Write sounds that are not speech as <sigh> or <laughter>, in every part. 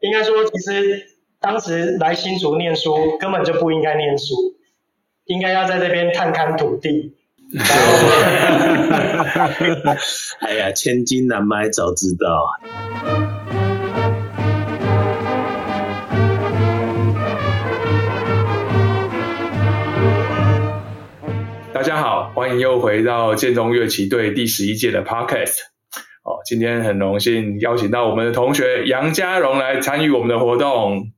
應該說，其實當時來新竹念書，根本就不應該念書，應該要在這邊探勘土地。 <laughs> <laughs> <laughs> 哎呀，千金難買早知道。大家好，歡迎又回到建中樂旗隊第十一屆的 Podcast。哦，今天很榮幸邀請到我們的同學楊家榮來參與我們的活動。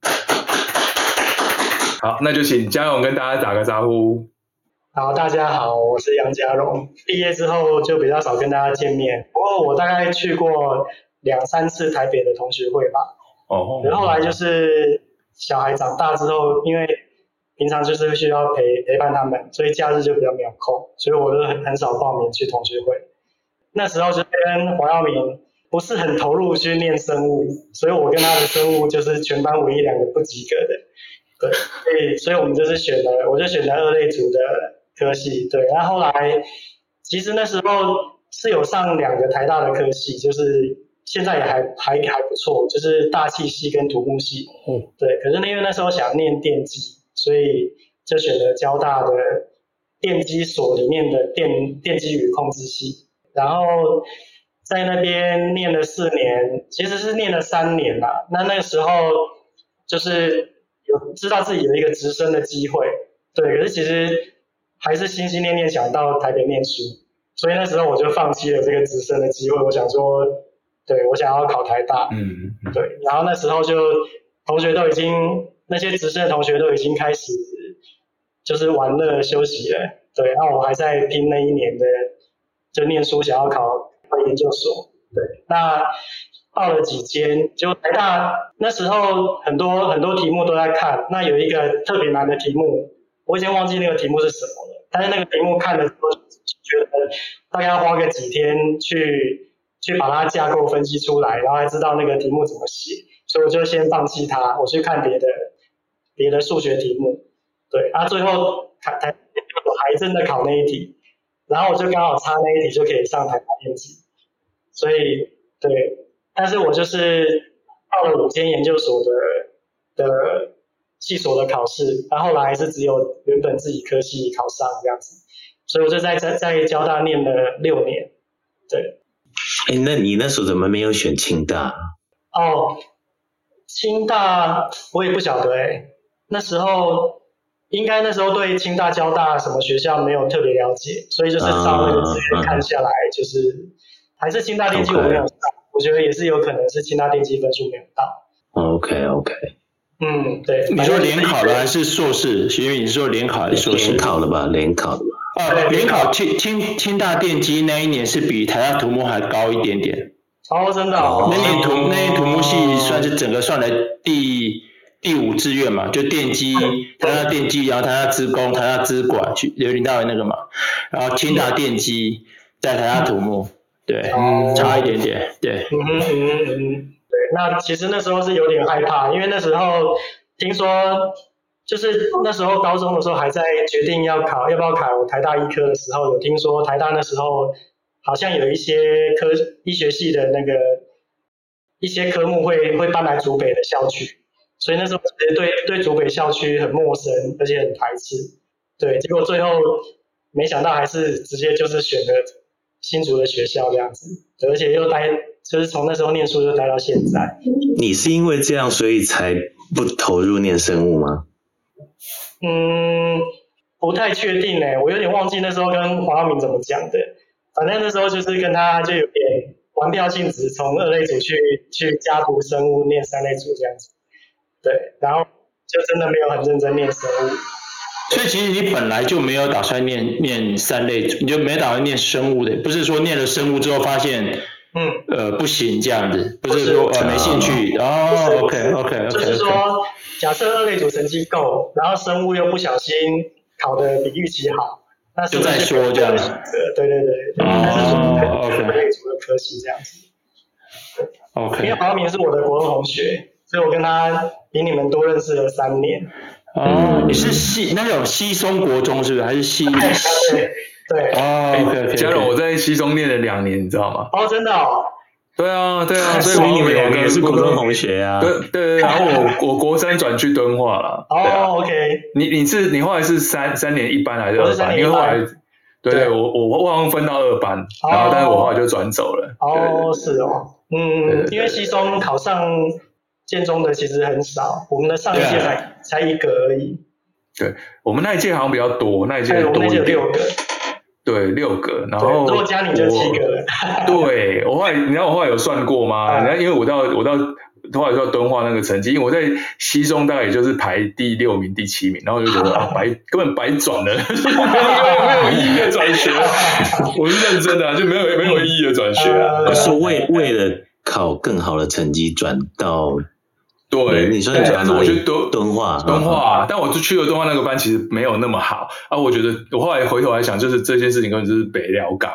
好，那就請家榮跟大家打個招呼。好，大家好，我是楊家榮。畢業之後就比較少跟大家見面，不過我大概去過兩三次台北的同學會吧。哦。然後，後來就是小孩長大之後，因為平常就是需要陪陪伴他們，所以假日就比較沒有空，所以我就很很少報名去同學會。那時候就跟黃耀明不是很投入去念生物，所以我跟他的生物就是全班唯一兩個不及格的。對，所以所以我們就是選了，我就選了二類組的科系。對，然後後來其實那時候是有上兩個台大的科系，就是現在也還還還不錯，就是大氣系跟土木系。嗯，對。可是因為那時候想要念電機，所以就選擇交大的電機所裡面的電電機與控制系。然後在那邊念了四年，其實是念了三年啦。那那個時候就是有知道自己有一個直升的機會，對，可是其實還是心心念念想到台北念書，所以那時候我就放棄了這個直升的機會。我想說，對我想要考台大，嗯，嗯，嗯，對。然後那時候就同學都已經那些直升的同學都已經開始就是玩樂休息了，對。那、啊、我還在拼那一年的。就念書，想要考考研究所，對，那報了幾間，就台大、哎、那，那時候很多很多題目都在看，那有一個特別難的題目，我已經忘記那個題目是什麼了，但是那個題目看了之後就覺得大概要花個幾天去去把它架構分析出來，然後還知道那個題目怎麼寫，所以我就先放棄它，我去看別的別的數學題目，對，啊最後台台我還真的考那一題。然後我就剛好差那一題就可以上台大念書，所以對，但是我就是報了五間研究所的、的系所的考試，然後來還是只有原本自己科系考上這樣子，所以我就在在在交大念了六年，對。哎，那你那時候怎麼沒有選清大？哦，清大我也不曉得誒那時候。應該那時候對清大、交大什麼學校沒有特別了解，所以就是稍微的資源看下來，就是還是清大電機我沒有上，嗯、我覺得也是有可能是清大電機分數沒有到。OK OK。嗯，對。你說聯考了還是碩士？因為、嗯、你說聯考，考，考，考，考，不是考了吧？聯考。了啊，聯考清清清大電機那一年是比台大土木還高一點點。哦，真的。哦、那年土那一土木系算是整個算來第。第五志願嘛，就電機，台大電機，然後台大資工，台大資管去劉林大學那個嘛，然後清大電機，在台大土木，嗯、對，差、嗯、一點點，對。嗯嗯嗯嗯。對，那其實那時候是有點害怕，因為那時候聽說，就是那時候高中的時候還在決定要考要不要考台大醫科的時候，有聽說台大那時候好像有一些科醫學系的那個一些科目會會搬來竹北的校區。所以那時候直接對，對竹北校區很陌生，而且很排斥。對，結果最後沒想到還是直接就是選了新竹的學校這樣子。而且又待就是從那時候念書就待到現在、嗯。你是因為這樣，所以才不投入念生物嗎？嗯，不太確定哎、欸，我有點忘記那時候跟黃耀明怎麼講的。反正那時候就是跟他就有點玩票性質，從二類組去去加讀生物，念三類組這樣子。對，然後就真的沒有很認真念生物，所以其實你本來就沒有打算念念三類，你就沒打算念生物的，不是說念了生物之後發現，嗯，呃，不行這樣子，不是說呃沒興趣，哦，OK OK OK，就是說假設二類組成績夠，然後生物又不小心考得比預期好，就再說這樣子。對對對，哦，OK，二類組的科系這樣子，OK，因為黃明是我的國中同學。所以我跟他比你們多認識了三年。哦，你是西那種西松國中是不是？還是西對。哦，對。哦。加上我在西松念了兩年，你知道嗎？哦，真的哦。對啊，對啊，所以你們兩個也是國中同學啊。對對對，然後我我國三轉去敦化了。哦，OK。你你是你後來是三三年一班還是二班，因為後來對對我我忘了分到二班，然後但是我後來就轉走了。哦，是哦，嗯，因為西松考上。建中的其實很少，我們的上一屆才才一個而已。對，我們那一屆好像比較多，那一屆多六個。對，六個，然後多加你就七個。對，我後來你知道我後來有算過嗎？然後因為我到我到後來到敦化那個成績，因為我在西中大概也就是排第六名、第七名，然後就覺得啊，白根本白轉了，沒有意義的轉學。我是認真的，就沒有沒有意義的轉學啊，是為為了考更好的成績轉到。對，你說的講的這樣子我覺得都，敦化、欸，敦化、啊，但我就去了敦化那個班，其實沒有那麼好啊，啊，啊。我覺得我後來回頭來想，就是這些事情根本就是北寮港，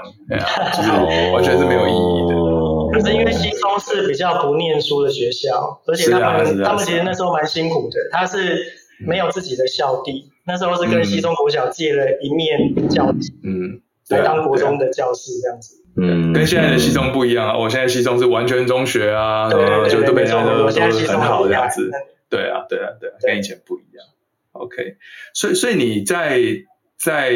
完全是沒有意義的。哦、可是因為西中是比較不念書的學校，而且他們、啊啊啊、他們其實那時候蠻辛苦的，他是沒有自己的校地，那時候是跟西中國小借了一面教室、嗯，嗯，來當國中的教室這樣子。嗯，跟現在的西中不一樣啊，嗯、我現在西中是完全中學啊，對對對就都培養的都很好的這樣子、嗯對啊。對啊，對啊，對啊，對跟以前不一樣。OK，所以所以你在在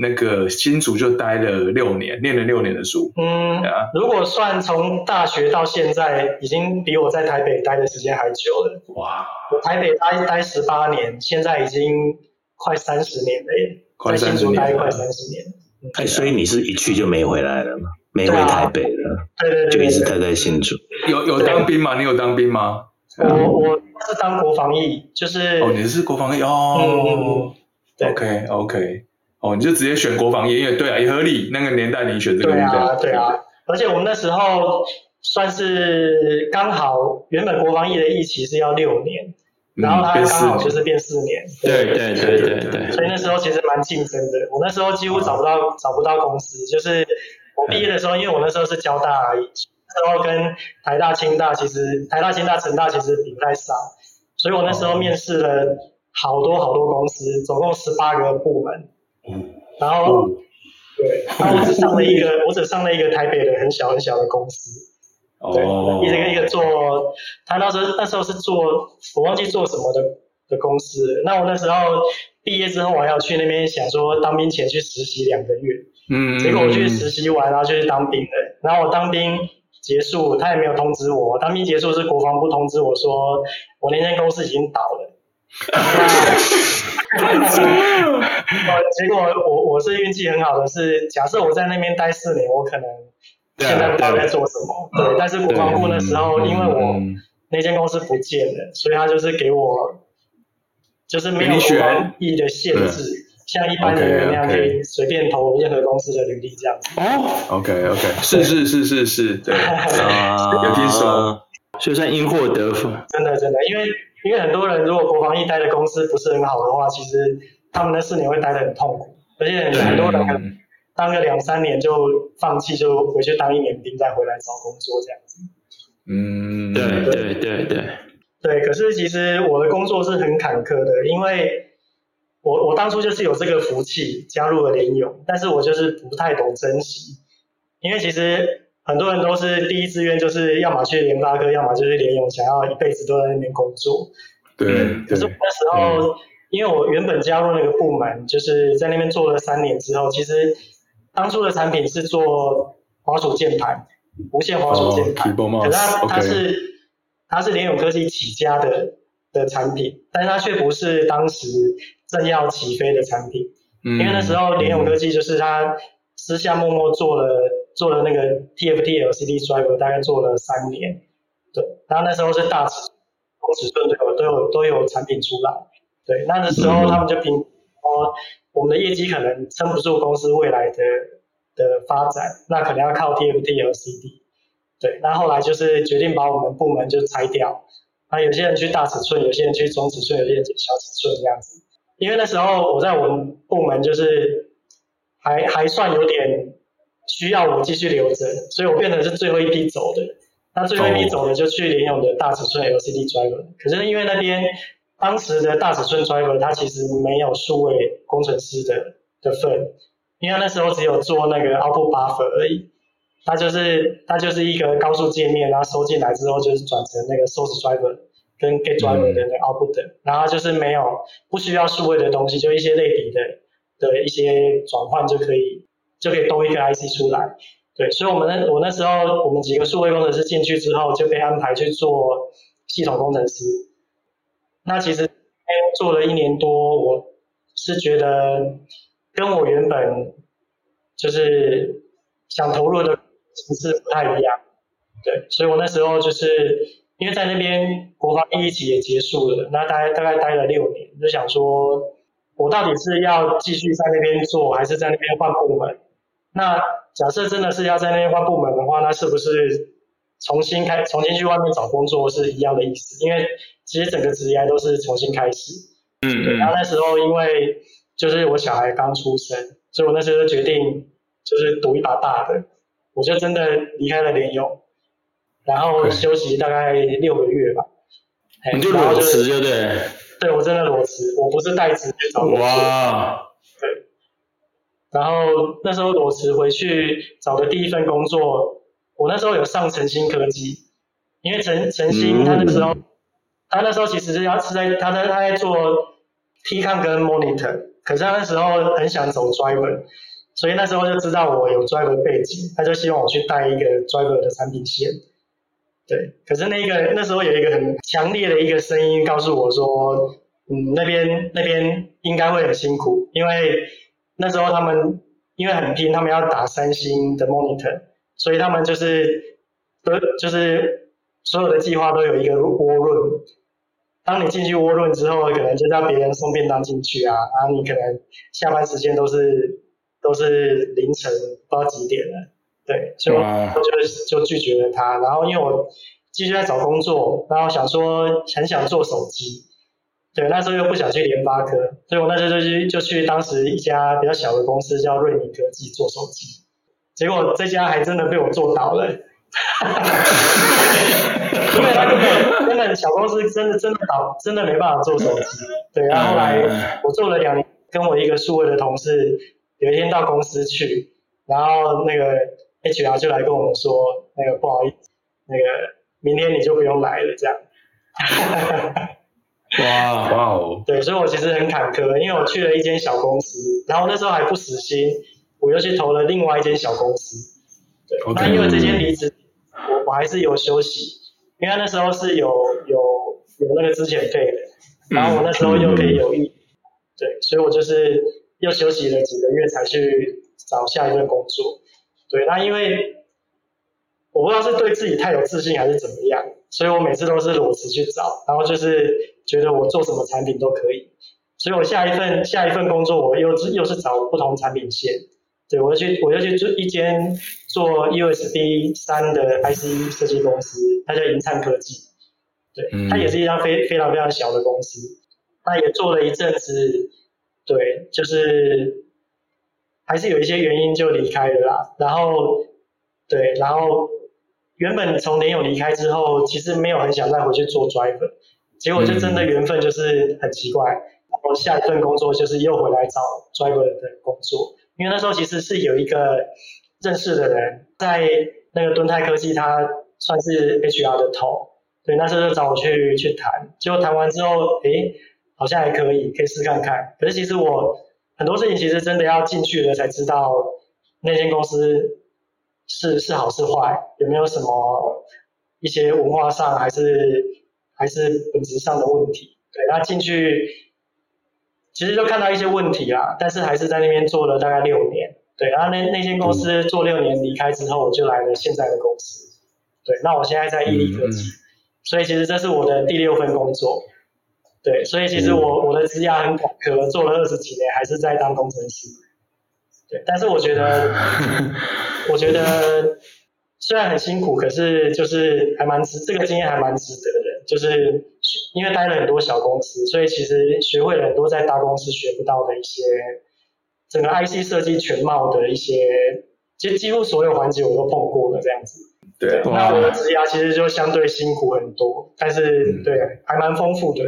那個新竹就待了六年，念了六年的書。嗯，啊、如果算從大學到現在，已經比我在台北待的時間還久了。哇，我台北待待十八年，現在已經快三十年了耶，在新竹待快三十年。哎、啊，所以你是一去就沒回來了嗎？沒回台北了，對，啊、對，對對對，就一直待在新竹。有有當兵嗎？對你有當兵嗎？我、啊、我是當國防役，就是、嗯、哦，你是國防役哦。嗯、對，OK OK，哦，你就直接選國防役也對啊，也合理。那個年代你選這個，對啊對啊。而且我們那時候算是剛好，原本國防役的役期是要六年。然後他剛好就是變四年，對對對對對。對對對對對，所以那時候其實蠻競爭的，我那時候幾乎找不到、嗯、找不到公司，就是我畢業的時候，嗯、因為我那時候是交大而已，然後跟台大、清大其實台大、清大、成大其實比不太上，所以我那時候面試了好多好多公司，總共十八個部門，嗯、然後、嗯、對，然後我只上了一個， <laughs> 我只上了一個台北的很小很小的公司。對，一個一個做，他那時候那時候是做我忘記做什麼的的公司。那我那時候畢業之後，我還要去那邊想說當兵前去實習兩個月。嗯，嗯。嗯，結果我去實習完，然後就去當兵了。然後我當兵結束，他也沒有通知我。當兵結束是國防部通知我說，我那間公司已經倒了。結果我我是運氣很好的，是假設我在那邊待四年，我可能。現在不知道在做什麼，對，但是國防部那時候，因為我那間公司不見了，所以他就是給我，就是沒有國防役的限制，像一般人那樣可以隨便投任何公司的履歷這樣子。哦，OK OK，是是是是是，有點爽，就算因禍得福，真的真的，因為因為很多人如果國防役待的公司不是很好的話，其實他們那四年會待得很痛苦，而且很多人。當個兩三年就放棄，就回去當一年兵，再回來找工作這樣子。嗯，對對對對。對，對，對，可是其實我的工作是很坎坷的，因為我，我我當初就是有這個福氣加入了聯友，但是我就是不太懂珍惜，因為其實很多人都是第一志願就是要麼去聯發科，要麼就是聯友，想要一輩子都在那邊工作。對。對，可是我那時候，嗯、因為我原本加入那個部門，就是在那邊做了三年之後，其實。當初的產品是做滑鼠鍵盤，無線滑鼠鍵盤，oh, Keyboard Mouse, 可是它是 Okay. 它是聯詠科技起家的的產品，但是它卻不是當時正要起飛的產品。嗯、因為那時候聯詠科技就是他私下默默做了、嗯、做了那個 TFT LCD driver，大概做了三年，對，然後那時候是大尺寸，大尺寸都有都有都有產品出來，對，那個時候他們就憑。嗯哦，我們的業績可能撐不住公司未來的的發展，那可能要靠 TFT LCD。對，那後來就是決定把我們部門就拆掉，那、啊、有些人去大尺寸，有些人去中尺寸，有些人去小尺寸這樣子。因為那時候我在我們部門就是還還算有點需要我繼續留着，所以我變成是最後一批走的。那最後一批走的就去聯友的大尺寸 LCD driver，可是因為那邊。當時的大尺寸 driver 它其實沒有數位工程師的的份，因為那時候只有做那個 output buffer 而已，它就是它就是一個高速界面，然後收進來之後就是轉成那個 source driver 跟 get driver 的那個 output，嗯，然後就是沒有不需要數位的東西，就一些類比的的一些轉換就可以就可以多一個 IC 出來，對，所以我們那我那時候我們幾個數位工程師進去之後就被安排去做系統工程師。那其實做了一年多，我是覺得跟我原本就是想投入的層次不太一樣，對，所以我那時候就是因為在那邊國防役一期也結束了，那大概大概待了六年，就想說我到底是要繼續在那邊做，還是在那邊換部門？那假設真的是要在那邊換部門的話，那是不是？重新開，重新去外面找工作是一樣的意思，因為其實整個職業都是重新開始。嗯，對。然後那時候因為就是我小孩剛出生，所以我那時候就決定就是賭一把大的，我就真的離開了聯詠，然後休息大概六個月吧。對就你就裸辭，對不對？對，我真的裸辭，我不是帶職去找工作。哇。對。然後那時候裸辭回去找的第一份工作。我那時候有上晨星科技，因為晨晨星他那時候，嗯嗯嗯嗯他那時候其實要是在他在他在做 TCON 跟 Monitor，可是他那時候很想走 Driver，所以那時候就知道我有 Driver 背景，他就希望我去帶一個 Driver 的產品線，對。可是那個那時候有一個很強烈的一個聲音告訴我說，嗯，那邊那邊應該會很辛苦，因為那時候他們因為很拼，他們要打三星的 Monitor。所以他們就是都就是所有的計劃都有一個 war room，當你進去 war room 之後，可能就讓別人送便當進去啊啊，你可能下班時間都是都是凌晨不知道幾點了，對，所以我就就、啊、就拒絕了他。然後因為我繼續在找工作，然後想說很想做手機，對，那時候又不想去聯發科，所以我那時候就去就去當時一家比較小的公司叫瑞尼科技做手機。結果這家還真的被我做倒了， <laughs> <laughs> 了，哈哈哈哈哈，因為小公司真的真的倒，真的沒辦法做手機。對，然後後來我做了兩年，跟我一個數位的同事，有一天到公司去，然後那個 HR 就來跟我們說，那個不好意思，那個明天你就不用來了這樣，哈哈哈哈。哇哇哦。對，所以我其實很坎坷，因為我去了一間小公司，然後那時候還不死心。我又去投了另外一間小公司，對，okay, 那因為這間離職，我還是有休息，因為那時候是有有有那個資遣費的，嗯、然後我那時候又可以有義，對，所以我就是又休息了幾個月才去找下一份工作，對，那因為我不知道是對自己太有自信還是怎麼樣，所以我每次都是裸辭去找，然後就是覺得我做什麼產品都可以，所以我下一份下一份工作我又又是找不同產品線。對，我就去，我要去一做一間做 USB 三的 IC 設計公司，它叫銀燦科技。對，嗯、它也是一家非非常非常小的公司。它也做了一陣子，對，就是還是有一些原因就離開了啦。然後，對，然後原本從聯友離開之後，其實沒有很想再回去做 driver。結果就真的緣分就是很奇怪，嗯、然後下一份工作就是又回來找 driver 的工作。因為那時候其實是有一個認識的人在那個敦泰科技，他算是 HR 的頭，對，那時候就找我去去談，結果談完之後，誒、欸，好像還可以，可以試看看。可是其實我很多事情其實真的要進去了才知道那間公司是是好是壞，有沒有什麼一些文化上還是還是本質上的問題，對，那進去。其實就看到一些問題啦，但是還是在那邊做了大概六年，對，然後那那間公司做六年離開之後，我就來了現在的公司，對，那我現在在伊利科技，所以其實這是我的第六份工作，對，所以其實我、嗯、我的資歷很坎坷，可做了二十幾年還是在當工程師，對，但是我覺得， <laughs> 我覺得雖然很辛苦，可是就是還蠻值，這個經驗還蠻值得的。就是因為待了很多小公司，所以其實學會了很多在大公司學不到的一些整個 IC 設計全貌的一些，其實幾乎所有環節我都碰過了這樣子。對，對哇那我職涯其實就相對辛苦很多，但是、嗯、對，還蠻豐富的。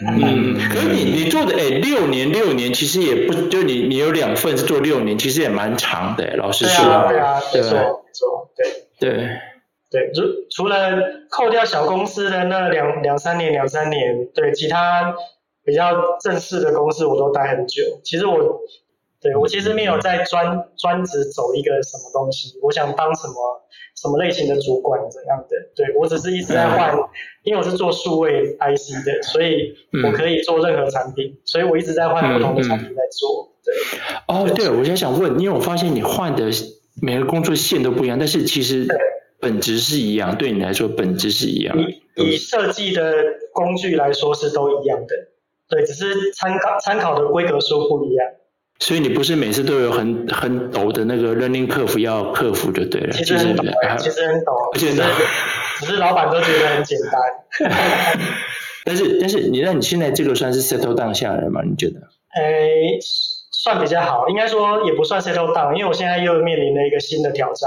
嗯， <laughs> 可是你你做的哎，六年六年其實也不，就你你有兩份是做六年，其實也蠻長的，老實說。對啊，對啊，沒錯，對沒錯，對。對。對，如除了扣掉小公司的那兩兩三年，兩三年，對，其他比較正式的公司我都待很久。其實我，對我其實沒有在專專職走一個什麼東西，我想當什麼什麼類型的主管怎樣的，對我只是一直在換，嗯、因為我是做數位 IC 的，所以我可以做任何產品，嗯、所以我一直在換不同的產品在做。嗯、對，哦，對，所以，我想想問，因為我發現你換的每個工作線都不一樣，但是其實。對本質是一樣，對你來說本質是一樣的以。以以設計的工具來說是都一樣的，對，只是參考參考的規格說不，不一樣。所以你不是每次都有很很陡的那個 learning curve 要克服就對了，其實很陡、欸、其實很陡，而且只是老闆都覺得很簡單。 <laughs> <laughs> 但是但是你那你現在這個算是 settle down 下來嗎？你覺得？欸、算比較好，應該說也不算 settle down，因為我現在又面臨了一個新的挑戰。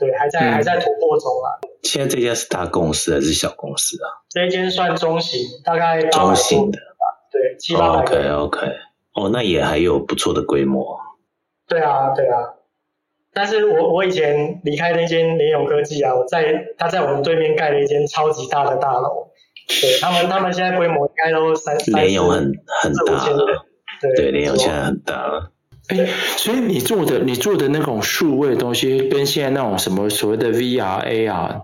對，還在還在突破中啊。現在這家是大公司還是小公司啊？這一間算中型，大概八百吧，中型的。對，七八百。哦。OK OK，哦，那也還有不錯的規模。對啊對啊，但是我我以前離開那間聯友科技啊，我在他在我們對面蓋了一間超級大的大樓。對他們他們現在規模應該都三。聯友很很大了。對聯友，對，不錯，現在很大了。哎、欸，所以你做的你做的那種數位的東西，跟現在那種什麼所謂的 V R A R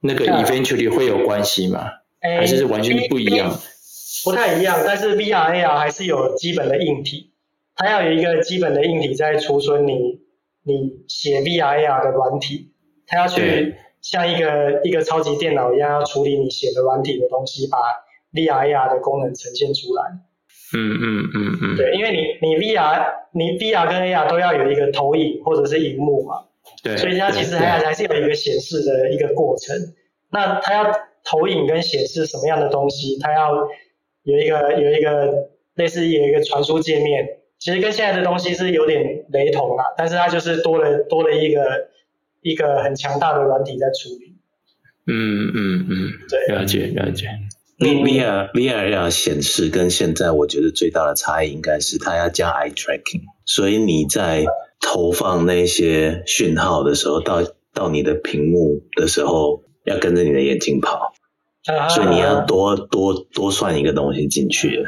那個 eventually 會有關係嗎？欸、還是是完全不一樣？不太一樣，但是 V R A R 還是有基本的硬體，它要有一個基本的硬體在儲存你你寫 V R A R 的軟體，它要去像一個對一個超級電腦一樣，要處理你寫的軟體的東西，把 V R A R 的功能呈現出來。嗯嗯嗯嗯，嗯嗯對，因為你你 VR 你 VR 跟 AR 都要有一個投影或者是熒幕嘛，對，所以它其實還是還是有一個顯示的一個過程。那它要投影跟顯示什麼樣的東西？它要有一個有一個類似於有一個傳輸界面，其實跟現在的東西是有點雷同啦、啊，但是它就是多了多了一個一個很強大的軟體在處理。嗯嗯嗯，嗯嗯對嗯了，了解了解。VR、嗯、VR 要顯示跟現在，我覺得最大的差異應該是它要加 eye tracking，所以你在投放那些訊號的時候，到到你的屏幕的時候，要跟着你的眼睛跑，嗯、所以你要多、嗯、多多算一個東西進去。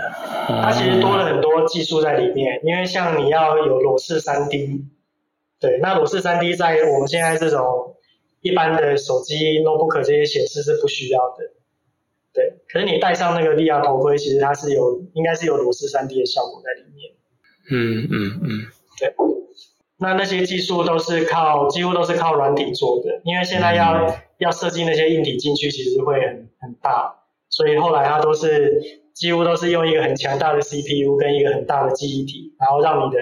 嗯、它其實多了很多技術在裡面，因為像你要有裸視三 D，對，那裸視三 D 在我們現在這種一般的手機、notebook 這些顯示是不需要的。對，可是你戴上那個 VR 頭盔，其實它是有，應該是有裸視 3D 的效果在裡面。嗯嗯嗯，嗯嗯對。那那些技術都是靠，幾乎都是靠軟體做的，因為現在要、嗯、要設計那些硬體進去，其實會很很大，所以後來它都是幾乎都是用一個很強大的 CPU 跟一個很大的記憶體，然後讓你的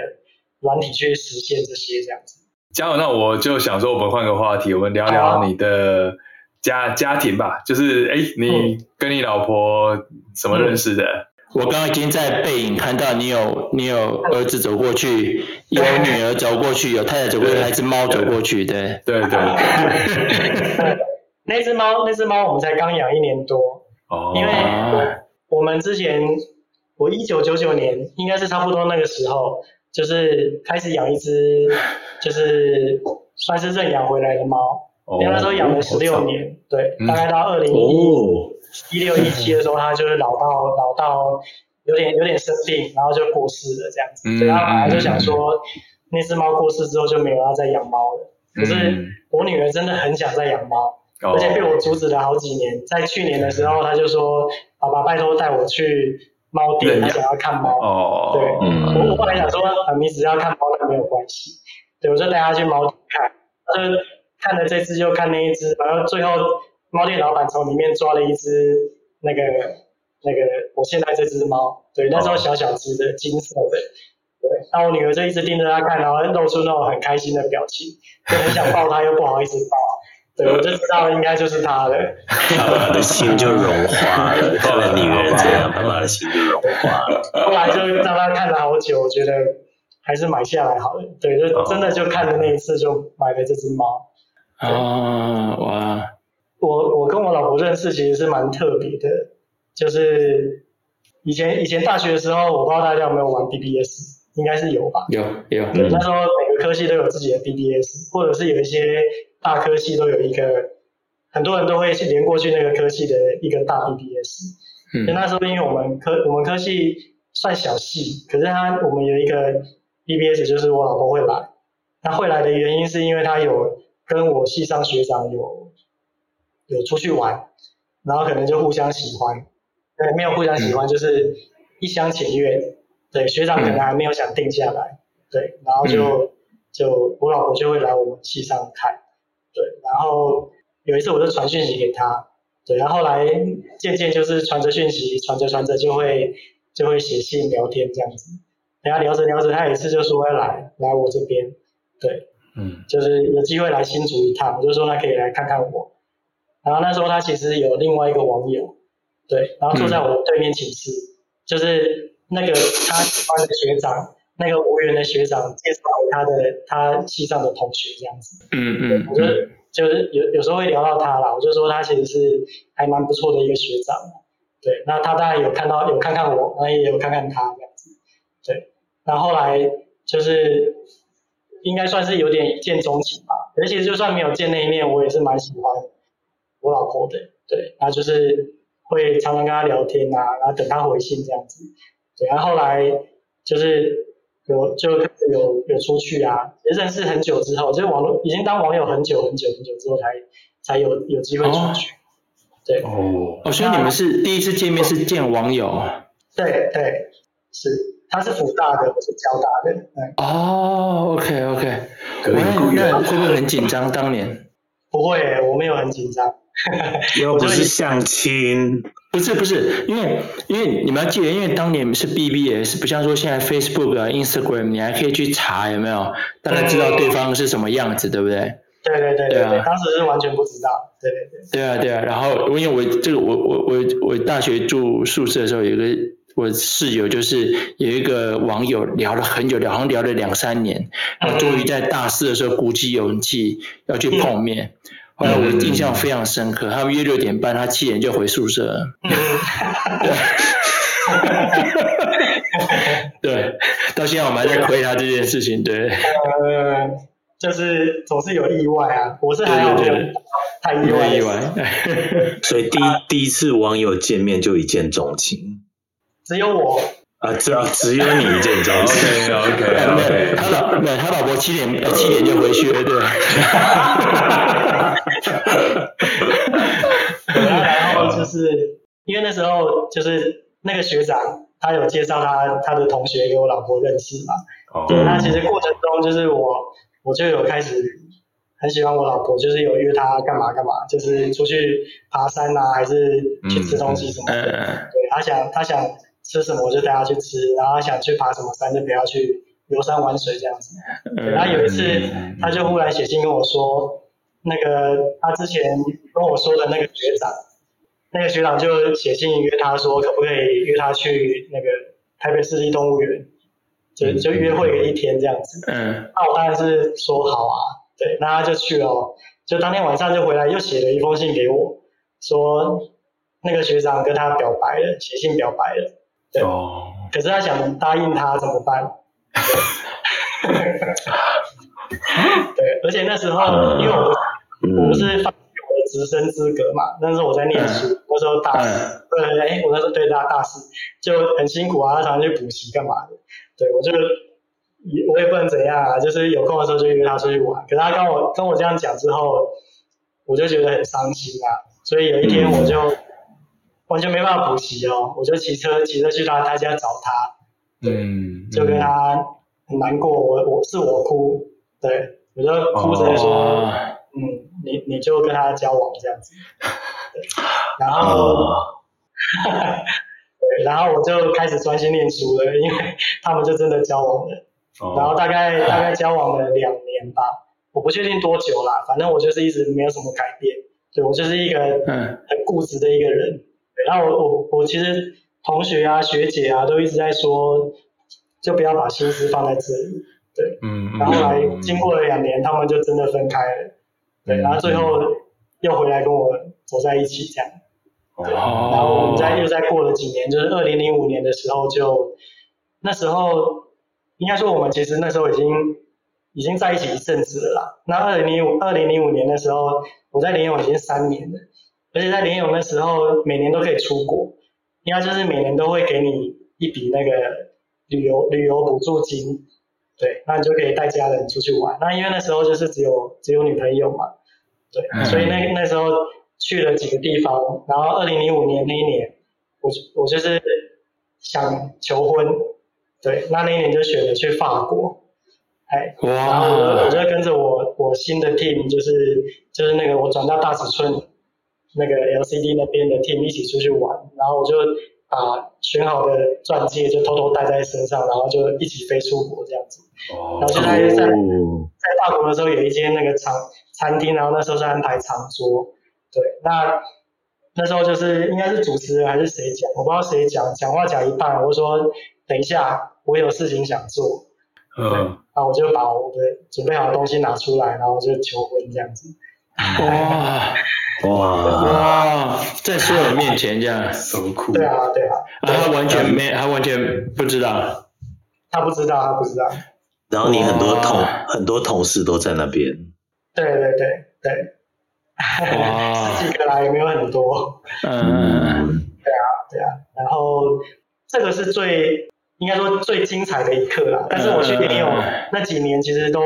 軟體去實現這些這樣子。嘉友，那我就想說，我們換個話題，我們聊聊你的。.家家庭吧，就是哎，你跟你老婆怎麼認識的？嗯、我剛剛已經在背影看到你有你有兒子走過去，嗯、有女兒走過去，嗯、有太太走過去，還有對隻貓走過去，對，對，對。對對。對 <laughs> <laughs> 那隻貓，那隻貓我們才剛養一年多。哦。因為我們之前我一九九九年應該是差不多那個時候，就是開始養一隻，就是算是認養回來的貓。因為那時候養了十六年，對，大概到二零一六一七的時候，他就是老到老到有點有點生病，然後就過世了這樣子。所以，他本來就想說，那只貓過世之後就沒有要再養貓了。可是我女兒真的很想再養貓，而且被我阻止了好幾年。在去年的時候，他就說：“爸爸，拜托帶我去貓店，他想要看貓。”哦，對，我本來想說：“啊，你只要看貓，那沒有關係。”對，我就帶他去貓店看，看了這只就看那一只，然後最後貓店老板從裡面抓了一只那個那個我現在這只貓，對，那時候小小只的金色的，嗯、對，然後我女兒就一直盯着它看，然後露出那種很開心的表情，就很想抱它又不好意思抱， <laughs> 對，我就知道應該就是它了，爸爸 <laughs> 的心就融化了，看了 <laughs> 女兒這樣，爸爸 <laughs> 的心就融化了，後來就讓她看了好久，我覺得還是買下來好了，對，就真的就看了那一次就買了這只貓。.啊哇！我、oh, wow. 我跟我老婆認識其實是蠻特別的，就是以前以前大學的時候，我不知道大家有沒有玩 BBS，應該是有吧？有有，那時候每個科系都有自己的 BBS、嗯、或者是有一些大科系都有一個，很多人都會連過去那個科系的一個大 BBS。嗯。那時候因為我們科我們科系算小系，可是他我們有一個 BBS，就是我老婆會來。那會來的原因是因為她有。跟我系上學長有有出去玩，然後可能就互相喜歡，對，沒有互相喜歡、嗯、就是一廂情願，對，學長可能還沒有想定下來，嗯、對，然後就就我老婆就會來我們系上看，對，然後有一次我就傳訊息給他，對，然後來漸漸就是傳着訊息，傳着傳着就會就會寫信聊天這樣子，然後聊着聊着他有一次就說要來來我這邊，對。嗯，就是有機會來新竹一趟，我就說他可以來看看我。然後那時候他其實有另外一個網友，對，然後坐在我的對面寢室，嗯、就是那個他喜歡的學長，那個無緣的學長介紹他的他系上的同學這樣子。嗯嗯。我就就是有有時候會聊到他啦，我就說他其實是還蠻不錯的一個學長。對，那他當然有看到有看看我，那也有看看他這樣子。對，然後，後來就是。應該算是有點一見鍾情吧，而且就算沒有見那一面，我也是蠻喜歡我老婆的。對，然後就是會常常跟她聊天啊，然後等她回信這樣子。對，然後後來就是有就有有出去啊，也認識很久之後，就是網絡已經當網友很久很久很久之後才，才才有有機會出去。哦、對。哦。哦那，所以你們是第一次見面是見網友？哦、對對，是。他是輔大的，不是交大的。嗯、哦，OK OK。會對不會很緊張？當年？不會，我沒有很緊張。 <laughs> 又不是相親。 <laughs> 不是不是，因為因為你們要記得，因為當年是 BBS，不像說現在 Facebook 啊、Instagram，你還可以去查有沒有，大概知道對方是什麼樣子，對，對不對？對對對對，對啊！當時是完全不知道。對對對。對啊對啊，然後因為我這個我我我我大學住宿舍的時候有個。我室友就是有一個網友聊了很久了，好像聊了兩三年，他終於在大四的時候鼓起勇氣要去碰面。嗯、後來我印象非常深刻，嗯、他約六點半，他七點就回宿舍了。對，到現在我們還在虧他這件事情。對，呃，就是總是有意外啊，我是還好，太意外對對對意外。對所以第一 <laughs> 第一次網友見面就一見鍾情。只有我啊，只要只有你，一件事 <laughs> 對 <laughs> ？OK OK。對，他老他老婆七點呃七點就回去，對吧？哈哈哈哈哈哈哈哈哈。然後就是因為那時候就是那個學長他有介紹他他的同學給我老婆認識嘛。哦、oh.。那其實過程中就是我我就有開始很喜歡我老婆，就是有約她幹嘛幹嘛，就是出去爬山啊，還是去吃東西什麼的。嗯，他想他想。他想吃什麼我就帶他去吃，然後想去爬什麼山就不要去遊山玩水這樣子。然後有一次，他就忽然寫信跟我說，那個他之前跟我說的那個學長，那個學長就寫信約他說，可不可以約他去那個台北市立動物園，就就約會個一天這樣子。嗯。那我當然是說好啊，對，那他就去了，就當天晚上就回來又寫了一封信給我，說那個學長跟他表白了，寫信表白了。對，可是他想答應他怎麼辦？對， <laughs> 對而且那時候、嗯、因為我我不是放棄我的直升資格嘛，嗯、那時候我在念書，對我那時候大四，嗯、對我那時候對大大四就很辛苦啊，他常常去補習幹嘛的。對我就我也不能怎樣啊，就是有空的時候就約他出去玩。可是他跟我跟我這樣講之後，我就覺得很傷心啊，所以有一天我就。嗯完全沒辦法補習哦，我就騎車騎車去他他家找他，對，嗯嗯、就跟他很難過，我我是我哭，對，我就哭着說，哦、嗯，你你就跟他交往這樣子，然後，哦、 <laughs> 對，然後我就開始專心念書了，因為他們就真的交往了，哦、然後大概大概交往了兩年吧，我不確定多久啦，反正我就是一直沒有什麼改變，對，我就是一個嗯很固執的一個人。嗯然後我我我其實同學啊，學姐啊都一直在說，就不要把心思放在這裡，對，嗯，然後來經過了兩年，嗯、他們就真的分開了，嗯、對，然後最後又回來跟我走在一起這樣，哦、嗯，然後我們再、哦、又再過了幾年，就是二零零五年的時候就，那時候應該說我們其實那時候已經已經在一起一陣子了啦，那二零零五二零零五年的時候我在聯友已經三年了。而且在聯營的時候，每年都可以出國，應該就是每年都會給你一筆那個旅遊旅遊補助金，對，那你就可以帶家人出去玩。那因為那時候就是只有只有女朋友嘛，對，嗯、所以那那時候去了幾個地方。然後二零零五年那一年，我我就是想求婚，對，那那一年就選擇去法國，哎哇，然後我就跟着我我新的 team，就是就是那個我轉到大尺寸。那個 LCD 那邊的 team 一起出去玩，然後我就把選好的鑽戒就偷偷戴在身上，然後就一起飛出國這樣子。哦。Oh. 然後就在在在法國的時候有一間那個長餐廳，然後那時候是安排長桌。對。那那時候就是應該是主持人還是誰講，我不知道誰講，講話講一半，我就說，等一下我有事情想做。嗯。Uh. 然後我就把我的準備好的東西拿出來，然後就求婚這樣子。哇哇哇，在所有人面前這樣，很酷！對啊對啊，他完全沒，他完全不知道，他不知道，他不知道。然後你很多同，很多同事都在那邊。對對對對。哇。十幾個啦，也沒有很多。嗯嗯對啊對啊，然後這個是最應該說最精彩的一刻了。但是我去領獎那幾年其實都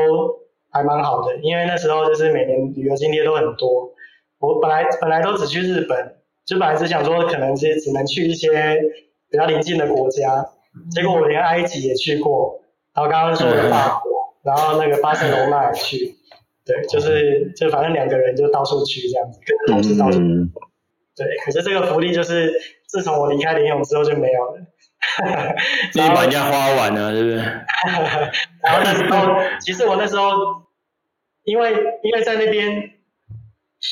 還蠻好的，因為那時候就是每年旅遊經歷都很多。我本來本來都只去日本，就本來只想說可能是只能去一些比較鄰近的國家，嗯、結果我連埃及也去過，然後剛剛說我的法國，啊、然後那個巴塞羅那也去，對，就是就反正兩個人就到處去這樣子，同事到處。嗯。對，可是這個福利就是自從我離開聯詠之後就沒有了。哈 <laughs> 哈。那把人家花完了，是不是？哈哈。然後那時候，其實我那時候。因為因為在那邊，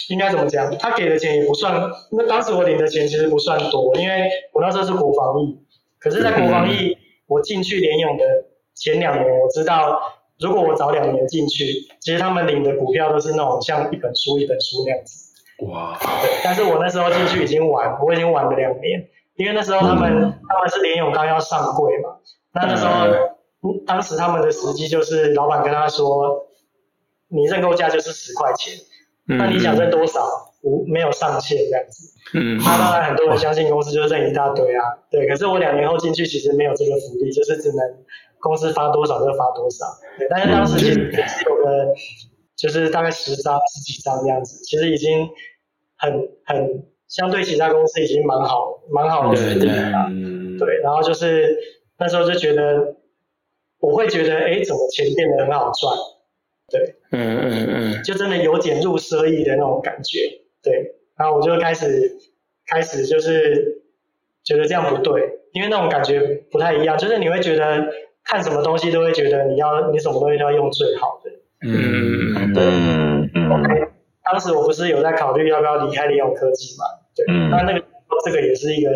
應該怎麼講？他給的錢也不算，那當時我領的錢其實不算多，因為我那時候是國防役。可是在國防役，在國防役，我進去聯詠的前兩年，我知道，如果我早兩年進去，其實他們領的股票都是那種像一本書一本書那樣子。哇。對，但是我那時候進去已經晚，我已經晚了兩年，因為那時候他們、嗯、他們是聯詠剛要上櫃嘛，那那時候、嗯嗯，當時他們的時機就是老板跟他說。你認購價就是十塊錢，那你想認多少，嗯、無沒有上限這樣子，嗯，那當然很多人相信公司就認一大堆啊，嗯、對。可是我兩年後進去其實沒有這個福利，就是只能公司發多少就發多少，但是當時其實也是有個，嗯、就是大概十張 <laughs> 十幾張這樣子，其實已經很很相對其他公司已經蠻好蠻好的福利了，對。對對，然後就是那時候就覺得我會覺得哎，怎麼錢變得很好賺，對。嗯嗯嗯，嗯嗯就真的由儉入奢易的那種感覺，對。然後我就開始開始就是覺得這樣不對，因為那種感覺不太一樣，就是你會覺得看什麼東西都會覺得你要你什麼東西都要用最好的。嗯對嗯嗯 OK，當時我不是有在考慮要不要離開聯詠科技嘛？對。嗯。然那,那個這個也是一個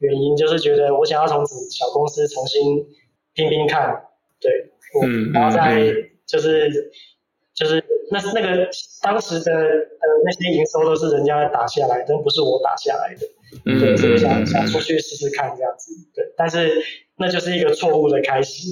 原因，就是覺得我想要從小公司重新拼拼看，對。嗯。然後再就是。嗯嗯嗯就是那那個當時的、呃、那些營收都是人家打下來的，都不是我打下來的，所以想想出去試試看這樣子，對，但是那就是一個錯誤的開始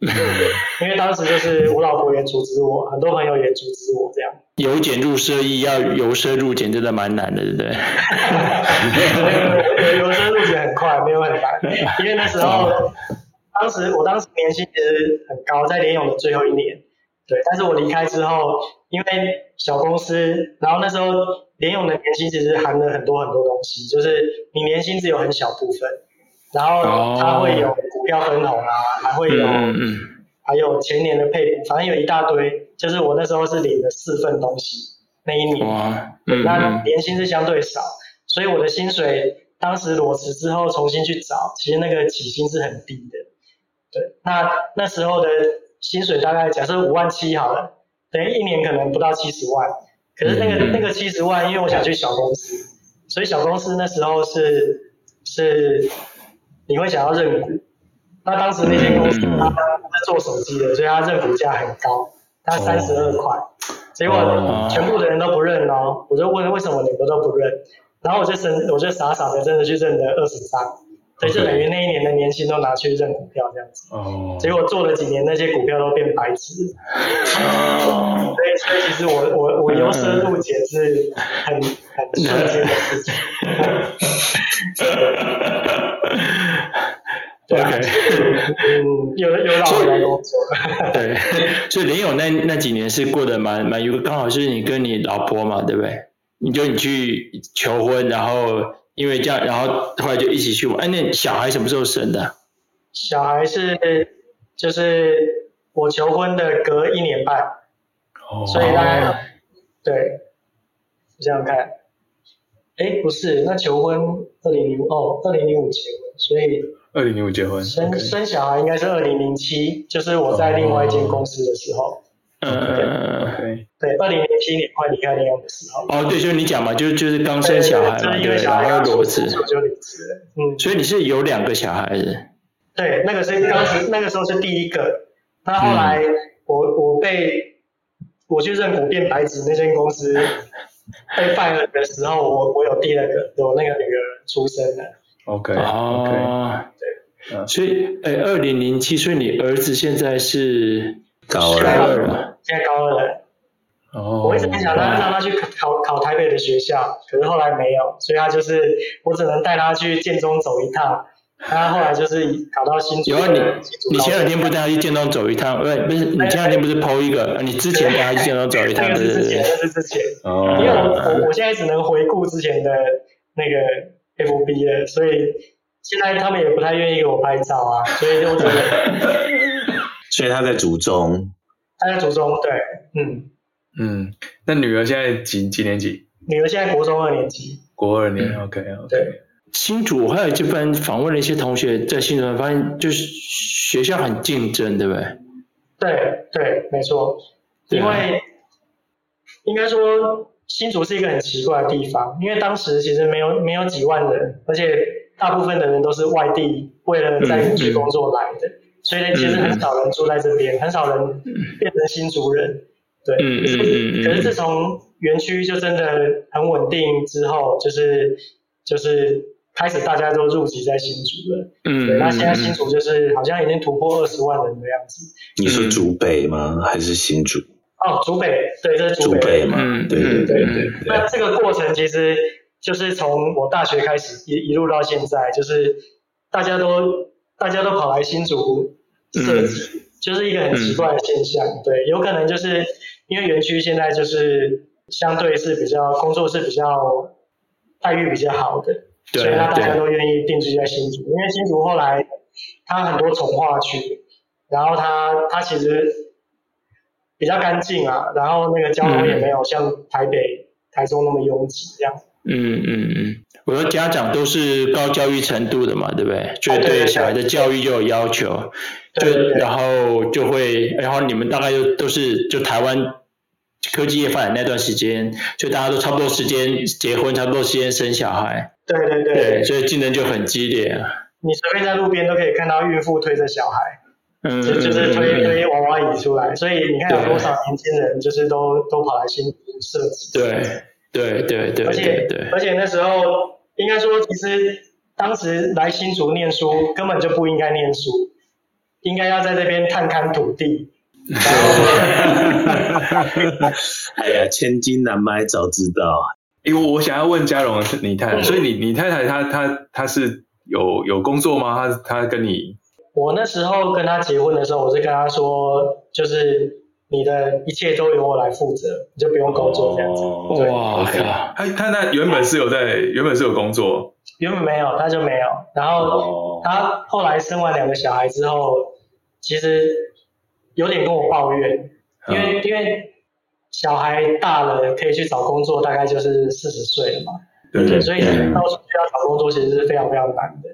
對對。因為當時就是我老婆也阻止我， <laughs> 很多朋友也阻止我這樣。由儉入奢易，要由奢入儉真的蠻難的，對不對？哈哈由奢入儉很快，沒有很難，因為那時候， <laughs> 當時我當時年薪其實很高，在聯詠的最後一年。對，但是我離開之後，因為小公司，然後那時候聯詠的年薪其實含了很多很多東西，就是你年薪只有很小部分，然後它會有股票分紅啊，還會有，嗯嗯、還有前年的配股，反正有一大堆，就是我那時候是領了四份東西那一年，嗯嗯，那年薪是相對少，所以我的薪水當時裸辭之後重新去找，其實那個起薪是很低的，對，那那時候的。薪水大概假設五萬七好了，等於一年可能不到七十萬。可是那個嗯嗯那個七十萬，因為我想去小公司，所以小公司那時候是是你會想要認股。那當時那間公司它、嗯嗯、是做手機的，所以它認股價很高，它三十二塊。哦、結果、嗯啊、全部的人都不認咯、哦，我就問為什麼你們都不認，然後我就真我就傻傻的真的去認了二十三。所以就等於那一年的年薪都拿去認股票這樣子，哦。Oh. 結果做了幾年那些股票都變白紙哦。所以、oh. 所以其實我我我由奢入儉是很 <laughs> 很瞬間的事情。 <laughs> <laughs> 對啊，Okay. <laughs> 嗯，有有老人跟我說。 <laughs> 對，所以林勇那那幾年是過得蠻蠻，蠻有，剛好是你跟你老婆嘛，對不對？你就你去求婚，然後。因為這樣，然後後來就一起去玩。哎、啊，那小孩什麼時候生的、啊？小孩是就是我求婚的隔一年半，oh. 所以大概對，想想看，哎，不是，那求婚二零零五哦，二零零五結婚，所以二零零五結婚，生、okay. 生小孩應該是二零零七，就是我在另外一間公司的時候。Oh. 嗯嗯嗯嗯，對，對，二零零七年快離開的時候。哦，對，就是你講嘛，就就是剛生小孩嘛，對，然後兒子，就離職了，嗯。所以你是有兩個小孩子？對，那個是剛，那個時候是第一個，那後來我我被，我就任古變白紙那間公司，被拜了的時候，我我有第二個，有那個女兒出生了。OK。哦。對。所以，哎，二零零七，所以你兒子現在是？高二了，現在高二了。哦。我一直在想讓他去考哇考，考台北的學校，可是後來沒有，所以他就是我只能帶他去建中走一趟。他後來就是考到新竹。有你你前兩天不帶他去建中走一趟？但不是你前兩天不是 po 一個？哎哎你之前帶他去建中走一趟對是？是之前，那、就是之前。哦。因為我我現在只能回顧之前的那個 FB 呃，所以現在他們也不太願意給我拍照啊，所以我覺得。所以他在祖中，他在祖中，對，嗯嗯。那女兒現在幾幾年級？女兒現在國中二年級。國二年，嗯、，OK OK。對新竹，我還有這邊訪問了一些同學，在新竹發現就是學校很競爭，對不對？對對，沒錯。因為、啊、應該說新竹是一個很奇怪的地方，因為當時其實沒有沒有幾萬人，而且大部分的人都是外地為了在新竹工作來的。嗯嗯所以其實很少人住在這邊，嗯、很少人變成新竹人，嗯、對。嗯嗯嗯，可是自從園區就真的很穩定之後，就是就是開始大家都入籍在新竹人。嗯，對嗯，那現在新竹就是好像已經突破二十萬人的樣子。你是竹北嗎？還是新竹？哦，竹北，對，這是竹北嘛？竹北嗎？嗯嗯嗯，對對對對。對對對嗯、對那這個過程其實就是從我大學開始一一路到現在，就是大家都。大家都跑來新竹，是、嗯、就是一個很奇怪的現象，嗯、對，有可能就是因為園區現在就是相對是比較工作是比較待遇比較好的，對所以他大家都願意定居在新竹，對因為新竹後來它很多重劃區，然後它它其實比較乾淨啊，然後那個交通也沒有像台北、台中那麼擁擠，這樣。嗯嗯嗯，我說家長都是高教育程度的嘛，對不對？就對小孩的教育就有要求，啊、對對對就然後就會，然後你們大概就都是就台灣科技業發展那段時間，就大家都差不多時間結婚，差不多時間生小孩。對對對。對，所以競爭就很激烈啊。你隨便在路邊都可以看到孕婦推着小孩，嗯，就，就是推推娃娃椅出來，嗯、所以你看，看有多少年輕人就是都對都跑來新竹設計。對，對。對。對對對，對對而且對對對而且那時候應該說，其實當時來新竹念書根本就不應該念書，應該要在這邊探勘土地。哈哈哈哈哈！哎呀，千金難買早知道。因為、欸、我，我想要問嘉榮，你太太，嗯、所以你你太太她她她是有有工作嗎？她她跟你？我那時候跟她結婚的時候，我是跟她說，就是。你的一切都由我來負責，你就不用工作這樣子。哇，他他那原本是有在，原本是有工作。原本沒有，他就沒有。然後他後來生完兩個小孩之後，其實有點跟我抱怨，因為因為小孩大了可以去找工作，大概就是四十歲了嘛。對對，所以到處要找工作其實是非常非常難的。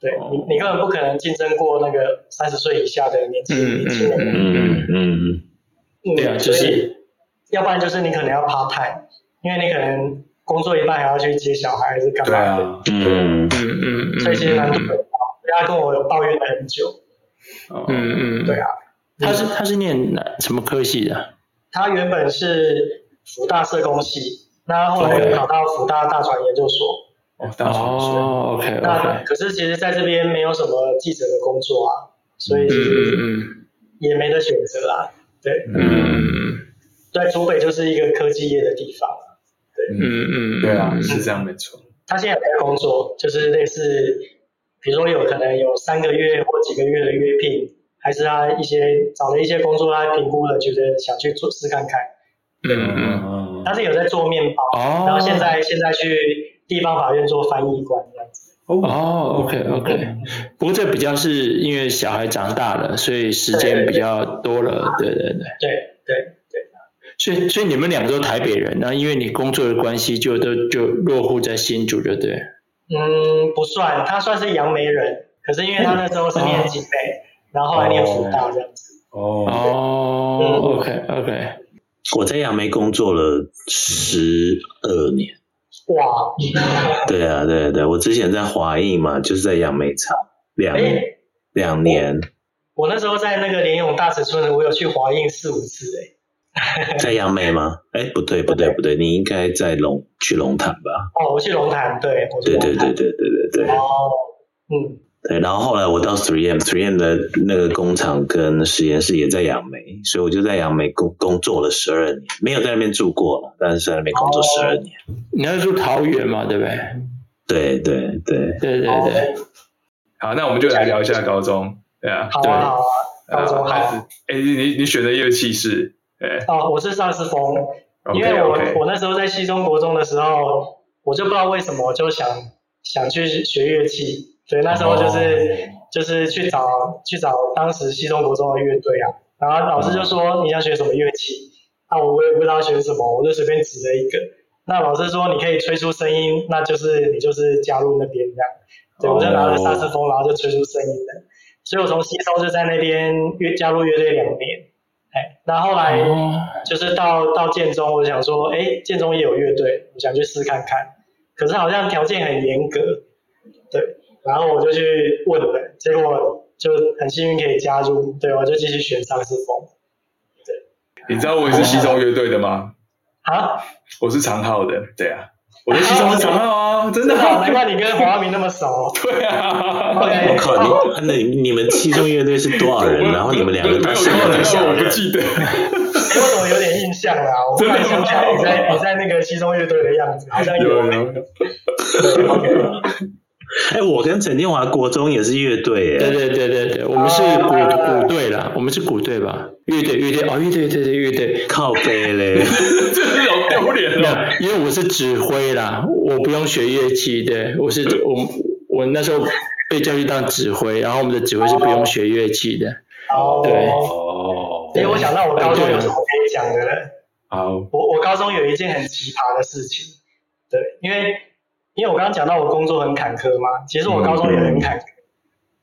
對，你你根本不可能競爭過那個三十歲以下的年輕年輕人。嗯嗯嗯。對啊，就是，要不然就是你可能要 part time 因為你可能工作一半還要去接小孩還是幹嘛的。嗯嗯嗯嗯。所以其實難度很高，他跟我抱怨了很久。嗯嗯。對啊。他是他是念什麼科系的？他原本是輔大社工系，那後來考到輔大大傳研究所。哦，OK。那可是其實，在這邊沒有什麼記者的工作啊，所以就是也沒得選擇啊。對，嗯，對，竹北就是一個科技業的地方，對，嗯嗯，對、嗯、啊，是這樣，沒、嗯、錯。他現在有在工作，就是類似，比如說有可能有三個月或幾個月的約聘，還是他一些找了一些工作，他評估了覺得想去做試看看。嗯嗯嗯。對，嗯，他是有在做麵包，哦。然後現在現在去地方法院做翻譯官這樣子。哦，OK OK，不過這比較是因為小孩長大了，所以時間比較多了，對對對。對對對。所以所以你們兩個都台北人，那因為你工作的關係，就都就落戶在新竹，對對？嗯，不算，他算是楊梅人，可是因為他那時候是念警備，然後還念輔大這樣子。哦。哦。OK OK。我在楊梅工作了十二年。華，哇 <laughs> 對啊，對啊對，我之前在華映嘛，就是在楊梅廠，兩、欸、兩年我。我那時候在那個聯詠大池村的，我有去華映四五次、欸、 <laughs> 在楊梅嗎、欸？不對不對不對，不對對你應該在龍去龍潭吧。哦，我去龍潭，對，對,對對對對對對對。哦，嗯。對，然後後來我到 3M 3M 的那個工廠跟實驗室也在楊梅，所以我就在楊梅工工作了十二年，沒有在那邊住過，但是在那邊工作十二年、哦。你要住桃園嘛？對不對？對對對對對對。好，那我們就來聊一下高中，對好啊好啊，嗯、對高中開始哎，你你選擇樂器是？對哦，我是薩克斯風，嗯、因為我 okay, 我那時候在西中國中的時候，我就不知道為什麼就想想去學樂器。對，那時候就是、oh. 就是去找去找當時西中國中的樂隊啊，然後老師就說，你想學什麼樂器？那、oh. 啊、我也不知道學什麼，我就隨便指了一個。那老師說，你可以吹出聲音，那就是你就是加入那邊這樣。對，oh. 我就拿了薩克斯風，然後就吹出聲音了。所以我從西中就在那邊樂加入樂隊兩年。哎，那後來、oh. 就是到到建中，我想說哎建中也有樂隊，我想去試看看。可是好像條件很嚴格。對。然後我就去問，結果就很幸運可以加入。對，我就繼續選上屍風。對，你知道我也是西中樂隊的嗎？啊？我是長號的。對啊，我是西中的長號哦。真的，難怪你跟黃阿明那麼熟。對啊。我靠，那你們七中樂隊是多少人？然後你們兩個都是得個小的？有點印象啦，我突然想起來你在你在那個西中樂隊的樣子，好像有。哎、欸，我跟陳定華國中也是樂隊、欸，對對對對對，我們是鼓鼓隊啦，啊、我們是鼓隊吧，樂隊樂隊哦，樂隊樂隊樂隊，靠北嘞 <laughs> 這，這是有丟臉了、嗯。因為我是指揮啦，我不用學樂器的，對我是我我那時候被教育當指揮，然後我們的指揮是不用學樂器的，啊、對哦，對。哦。所以我想那我高中有什麼可以講的呢？哦、哎。啊、好我我高中有一件很奇葩的事情，對，因為。因為我剛剛講到我工作很坎坷嘛，其實我高中也很坎坷，嗯、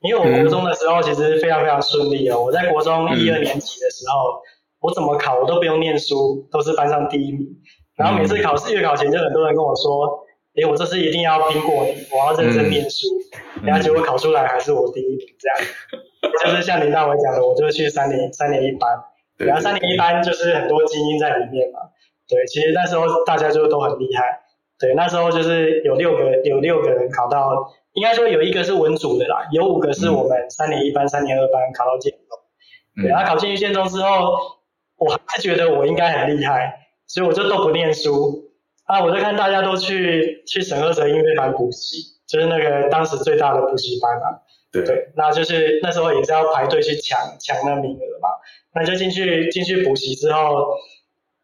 因為我國中的時候其實非常非常順利哦。嗯、我在國中一二年級的時候，嗯、我怎麼考我都不用念書，都是班上第一名。嗯、然後每次考試、嗯、月考前就很多人跟我說，哎，我這次一定要拼過，我要認真念書。嗯、然後結果考出來還是我第一名，這樣。嗯、就是像林大偉講的，我就去三年三年一班，然後三年一班就是很多精英在裡面嘛。對，其實那時候大家就都很厲害。對，那時候就是有六個，有六個人考到，應該說有一個是文組的啦，有五個是我們年、嗯、三年一班、三年二班考到建中。嗯、對，他、啊、考進去建中之後，我還是覺得我應該很厲害，所以我就都不念書，啊，我就看大家都去去沈赫哲音樂班補習，就是那個當時最大的補習班嘛、啊。對。對，那就是那時候也是要排隊去搶搶那名額嘛，那就進去進去補習之後，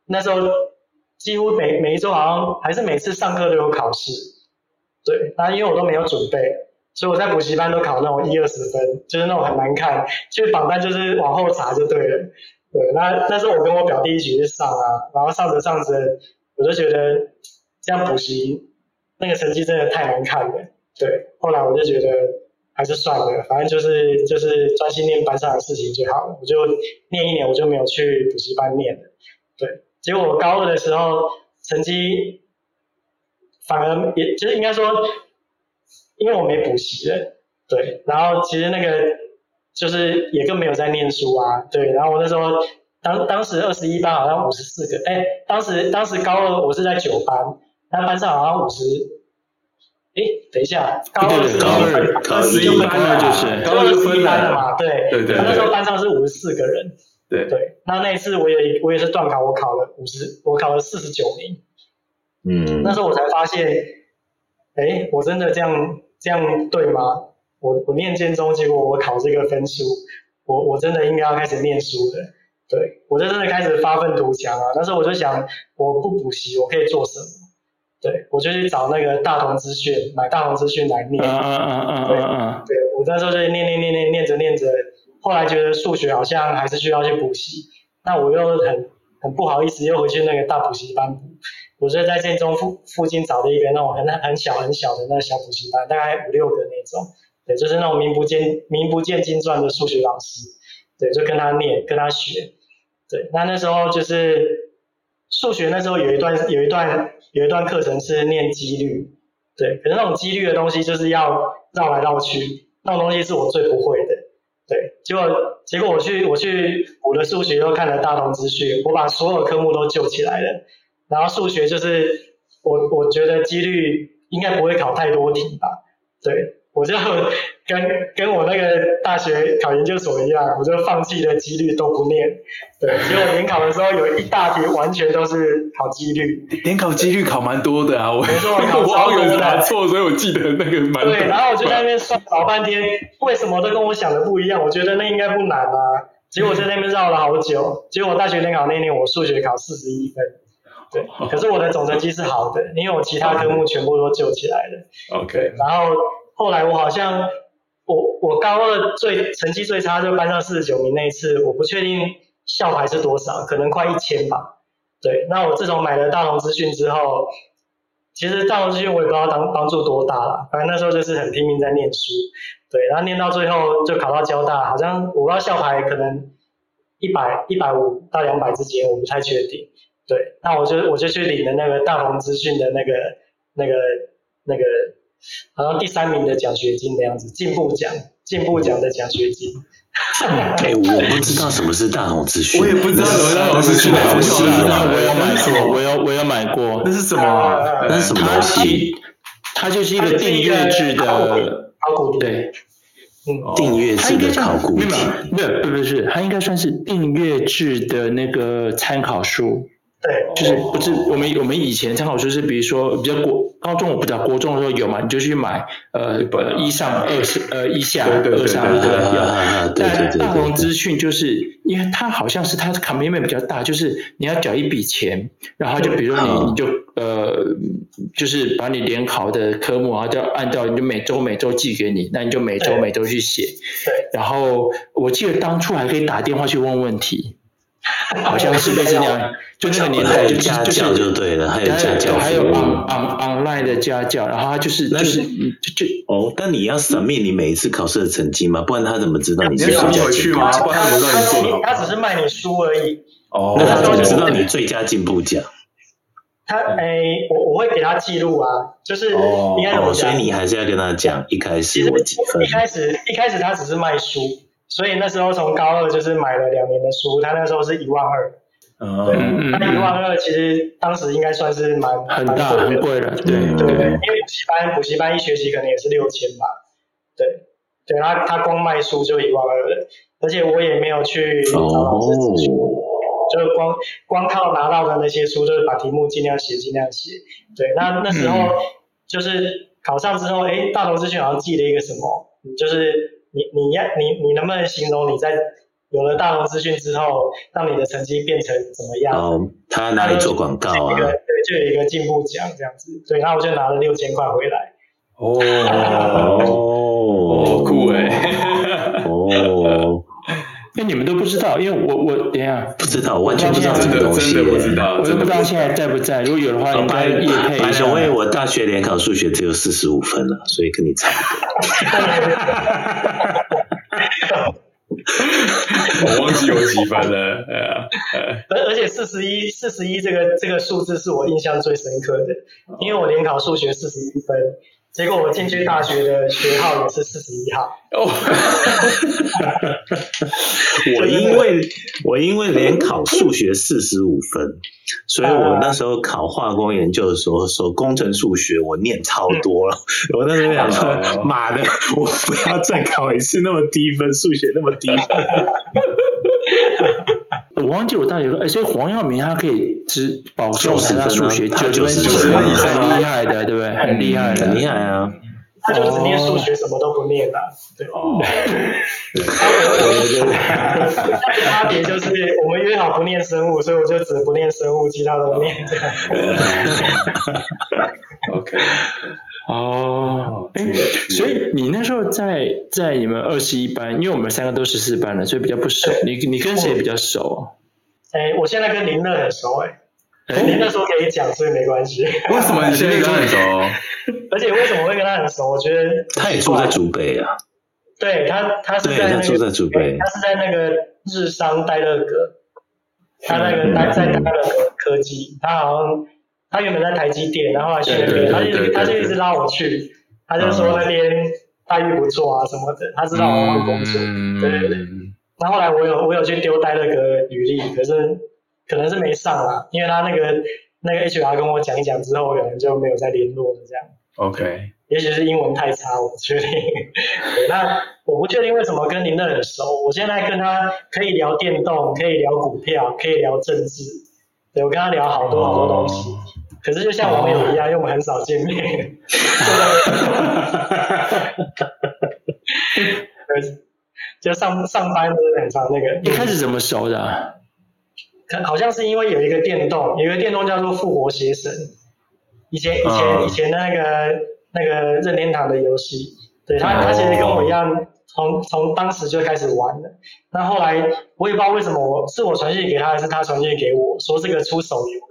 那時候。幾乎每每一週好像還是每次上課都有考試，對，那因為我都沒有準備，所以我在補習班都考那種一二十分，就是那種很難看，其實榜單就是往後查就對了，對，那那時候我跟我表弟一起去上啊，然後上着上着，我就覺得這樣補習那個成績真的太難看了，對，後來我就覺得還是算了，反正就是就是專心念班上的事情就好了，我就念一年我就沒有去補習班念了，對。結果我高二的時候，成績反而也就是應該說，因為我沒補習了，對。然後其實那個就是也更沒有在念書啊，對。然後我那時候當當時二十一班好像五十四個，哎，當時當時高二我是在九班，那班上好像五十，哎，等一下，高二高二高二十一、啊、就班的高二十一班的嘛，對，對對，對對。他那時候班上是五十四個人。對對，那那一次我也我也是段考，我考了五十，我考了四十九名。嗯。那時候我才發現，哎、欸，我真的這樣這樣對嗎？我我念建中，結果我考這個分數，我我真的應該要開始念書了。對，我就真的開始發奮圖強啊！那時候我就想，我不補習，我可以做什麼？對，我就去找那個大同資訊，買大同資訊來念。嗯嗯嗯嗯嗯對，我那時候就念念念念念着念着。後來覺得數學好像還是需要去補習，那我又很很不好意思，又回去那個大補習班補。我就在建中附附近找的一個那種很很小很小的那個小補習班，大概五六個那種，對，就是那種名不見名不見經傳的數學老師，對，就跟他念跟他學，對，那那時候就是數學那時候有一段有一段有一段課程是念幾率，對，可是那種幾率的東西就是要繞來繞去，那種東西是我最不會的。結果，結果我去，我去補了數學，又看了大同資訊，我把所有科目都救起來了。然後數學就是我，我我覺得幾率應該不會考太多題吧？對。我就跟跟我那個大學考研究所一樣，我就放棄的幾率都不念，對。結果聯考的時候有一大題完全都是考幾率。 <laughs> 對聯考幾率考蠻多的啊，我沒錯考的我好有點錯，所以我記得那個蠻多。對，然後我就在那邊算老半天， <laughs> 為什麼都跟我想的不一樣？我覺得那應該不難啊，結果在那邊繞了好久。 <laughs> 結果大學聯考那年我數學考四十一分，對，可是我的總成績是好的， <laughs> 因為我其他科目全部都救起來了。 <laughs> OK，然後。後來我好像我我高二最成績最差就班上四十九名那一次，我不確定校排是多少，可能快一千吧。對，那我自從買了大同資訊之後，其實大同資訊我也不知道幫幫助多大了，反正那時候就是很拼命在念書。對，然後念到最後就考到交大，好像我不知道校排可能一百一百五到兩百之間，我不太確定。對，那我就我就去領了那個大同資訊的那個那個那個。那個然後第三名的獎學金的樣子，進步獎，進步獎的獎學金。哎，我不知道什麼是大同資訊，我也不知道，什麼東西？那我有買，我我有，我有買過。那是什麼？那是什麼東西？它就是一個訂閱制的，考對，訂閱制的考古題。沒有，不是，不是，它應該算是訂閱制的那個參考書。對就是不是，我們我們以前參考書是比如說比較國高中，我不知道國中的時候有嘛？你就去買呃一上二上呃一下二一樣。對對對對對。但大同資訊就是因為它好像是它的 commitment 比較大，就是你要繳一筆錢，然後就比如說你你就呃就是把你聯考的科目，然後就按照你就每周每周寄給你，那你就每周每周去寫。然後我記得當初還可以打電話去問問題。好像是這樣，就那個年代就家教就對了，還有家教，還有 on on online 的家教，然後他就是就是就就哦，但你要 submit，你每一次考試的成績嘛，不然他怎麼知道你是什麼家教嘛？他只是賣你書而已，哦，那他怎麼知道你最佳進步獎？他誒，我我會給他記錄啊，就是哦，所以你還是要跟他講一開始我幾分，一開始一開始他只是賣書。所以那時候從高二就是買了兩年的書，他那時候是一萬二，嗯，他一萬二其實當時應該算是蠻蠻貴的，對對對，對對因為補習班補習班一學期可能也是六千吧，對對，他他光賣書就一萬二，而且我也沒有去找老師諮詢，哦、就光光靠拿到的那些書，就是把題目盡量寫盡量寫，對，那那時候就是考上之後，哎、嗯欸，大同資訊好像記了一個什麼，就是。你你要你你能不能形容你在有了大同資訊之後，讓你的成績變成怎麼樣？哦，他哪裡做廣告啊？對，就有一個進步獎這樣子，所以他我就拿了六千塊回來，oh <laughs> 酷欸。哦，好酷哎！哦。因為你們都不知道，因為我我等下不知道，完全不知道這個東西、欸真，真不知道，我也不知道現在在不在。嗯、如果有的話，應該也配白。白小衛，我大學聯考數學只有四十五分了，所以跟你差不多。我忘記有幾分了。而 <laughs> 而且四十一，四十一這個這個數字是我印象最深刻的，因為我聯考數學四十一分。結果我進去大學的學號也是四十一號。哦、oh, <laughs> <laughs> 的，我因為、嗯、我因為聯考數學四十五分，所以我那時候考化工研究所的時候說工程數學我念超多了，嗯、 <laughs> 我那時候想說，媽、 <laughs> 哦、的，我不要再考一次那麼低分，數學那麼低分。 <laughs> 我忘記我大學說，哎，所以黃耀明他可以只保送，他數學教死就是很厲害的，對不對？很厲害，很厲害啊！他就只念數學，什麼都不念啦，對吧？ <laughs> 對對對 <laughs> 他很厲差別就是我們約好不念生物，所以我就只不念生物，其他都念。哈 <laughs> <laughs> OK。哦，哎，所以你那時候在在你們二十一班，因為我們三個都十四班的，所以比較不熟。對你你跟誰比較熟啊？哎，我現在跟林樂很熟哎。林樂說可以講，所以沒關係。為什麼你現在跟他很熟？ <laughs> 而且為什麼會跟他很熟？我覺得他也住在竹北啊。對他，他，他是在，那個，對，他住在竹北。他是在那個日商戴樂格，他那個他在在戴樂格科技，他好像。他原本在台積電，然後來去那對他就他就一直拉我去，對對對對他就說那邊待遇不錯啊什麼的。嗯、他知道我換工作，嗯、對對對。那後來我有我有去丟待那個履歷，可是可能是沒上啊，因為他那個那個 HR 跟我講一講之後，可能就沒有再聯絡了這樣。OK。也許是英文太差，我不確定。 <laughs> 對，那我不確定為什麼跟您很熟，我現在跟他可以聊電動，可以聊股票，可以聊政治，對，我跟他聊好多好多東西。哦可是就像網友一樣，oh. 因為我們很少見面。哈哈哈！就上上班都是很長那個。一開始怎麼熟的？啊？可、嗯、好像是因為有一個電動，有一個電動叫做《復活邪神》，以前以前、oh. 以前的那個那個任天堂的遊戲。對他他、oh. 其實跟我一樣，從從當時就開始玩的。那後來我也不知道為什麼，我是我傳訊給他，還是他傳訊給我說這個出手遊。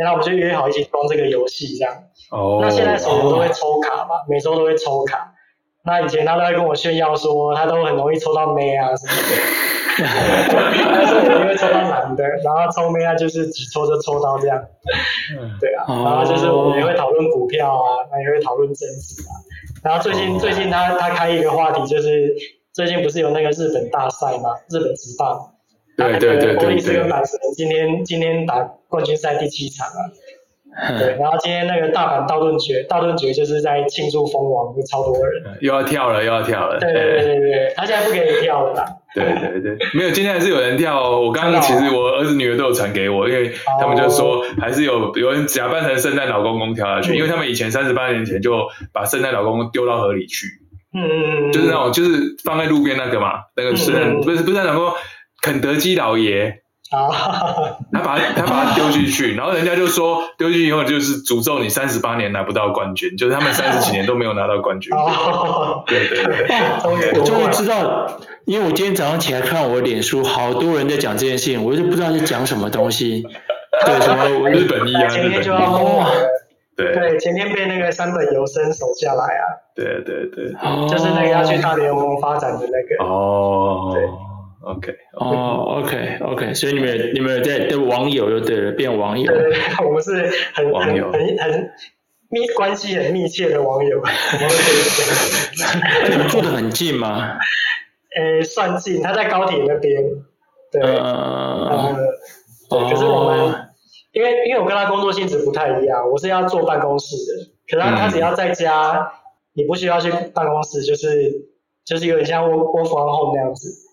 然後我們就約好一起裝這個遊戲，這樣。Oh, 那現在手遊都會抽卡嘛，oh. 每周都會抽卡。那以前他都在跟我炫耀說，他都很容易抽到妹啊什麼的。哈哈，但是我因為抽到男的，然後抽妹啊就是只抽就抽到這樣。 <laughs> 對啊。Oh. 然後就是我們也會討論股票啊，也會討論政治啊。然後最近、oh. 最近他他開一個話題，就是最近不是有那個日本大賽嘛，日本職棒。對對對，波力士跟阪神今天今天打冠軍賽第七場啊，對，然後今天那個大阪道頓堀，道頓堀就是在慶祝封王，超多人，又要跳了又要跳了，對對對對對，他現在不可以跳了吧？對對對，沒有，今天還是有人跳，我剛剛其實我兒子女兒都有傳給我，因為他們就說還是有有人假扮成聖誕老公公跳下去，因為他們以前三十八年前就把聖誕老公公丟到河裡去，嗯嗯嗯，就是那種就是放在路邊那個嘛，那個是，不是不是老公。肯德基老爺啊、oh.，他把他把他丟進去，oh. 然後人家就說丟進去以後就是詛咒你三十八年拿不到冠軍，就是他們三十幾年都沒有拿到冠軍啊、oh.。對對對，對文我終於知道，因為我今天早上起來看我的臉書，好多人在講這件事情，我就不知道在講什麼東西。對什麼日本一樣、啊、前天就要哦，對對，前天被那個山本由伸守下來啊。對對對，對對對就是那個要去大聯盟發展的那個哦。Oh. 對。OK，哦，OK，OK，所以你們你們在的網友就對了，變網友。對，我們是很很很密關係很密切的網友。你們住得很近嗎？呃、 <noise> 欸，算近，他在高鐵那邊。對。Uh, <noise> 嗯嗯嗯。可是我們因為因為我跟他工作性質不太一樣，我是要坐辦公室的，可是他他，嗯、只要在家，你不需要去辦公室，就是就是有點像 work from home 那樣子。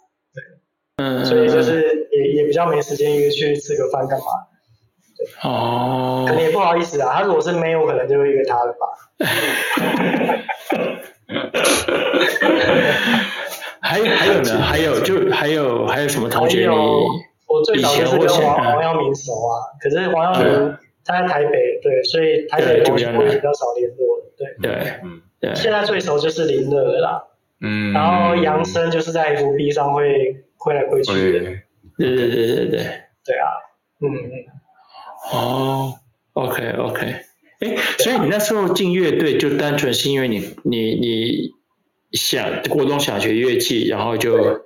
嗯，所以就是也也比較沒時間約去吃個飯幹嘛，對，哦，可能也不好意思啊。他如果是沒，我可能就會約他了吧。哈哈哈，哈哈還有呢，還有就還有還有什麼同學？有，我最早就是跟王王耀明熟啊，可是王耀明他在台北，對，所以台北我我也比較少聯絡，對，對，現在最熟就是林樂啦，嗯，然後楊森就是在 FB 上會。回來揮去，對對對對對對，對啊，嗯嗯，哦、oh,，OK OK，哎，啊、所以你那時候進樂隊就單純是因為你你你想國中想學樂器，然後就對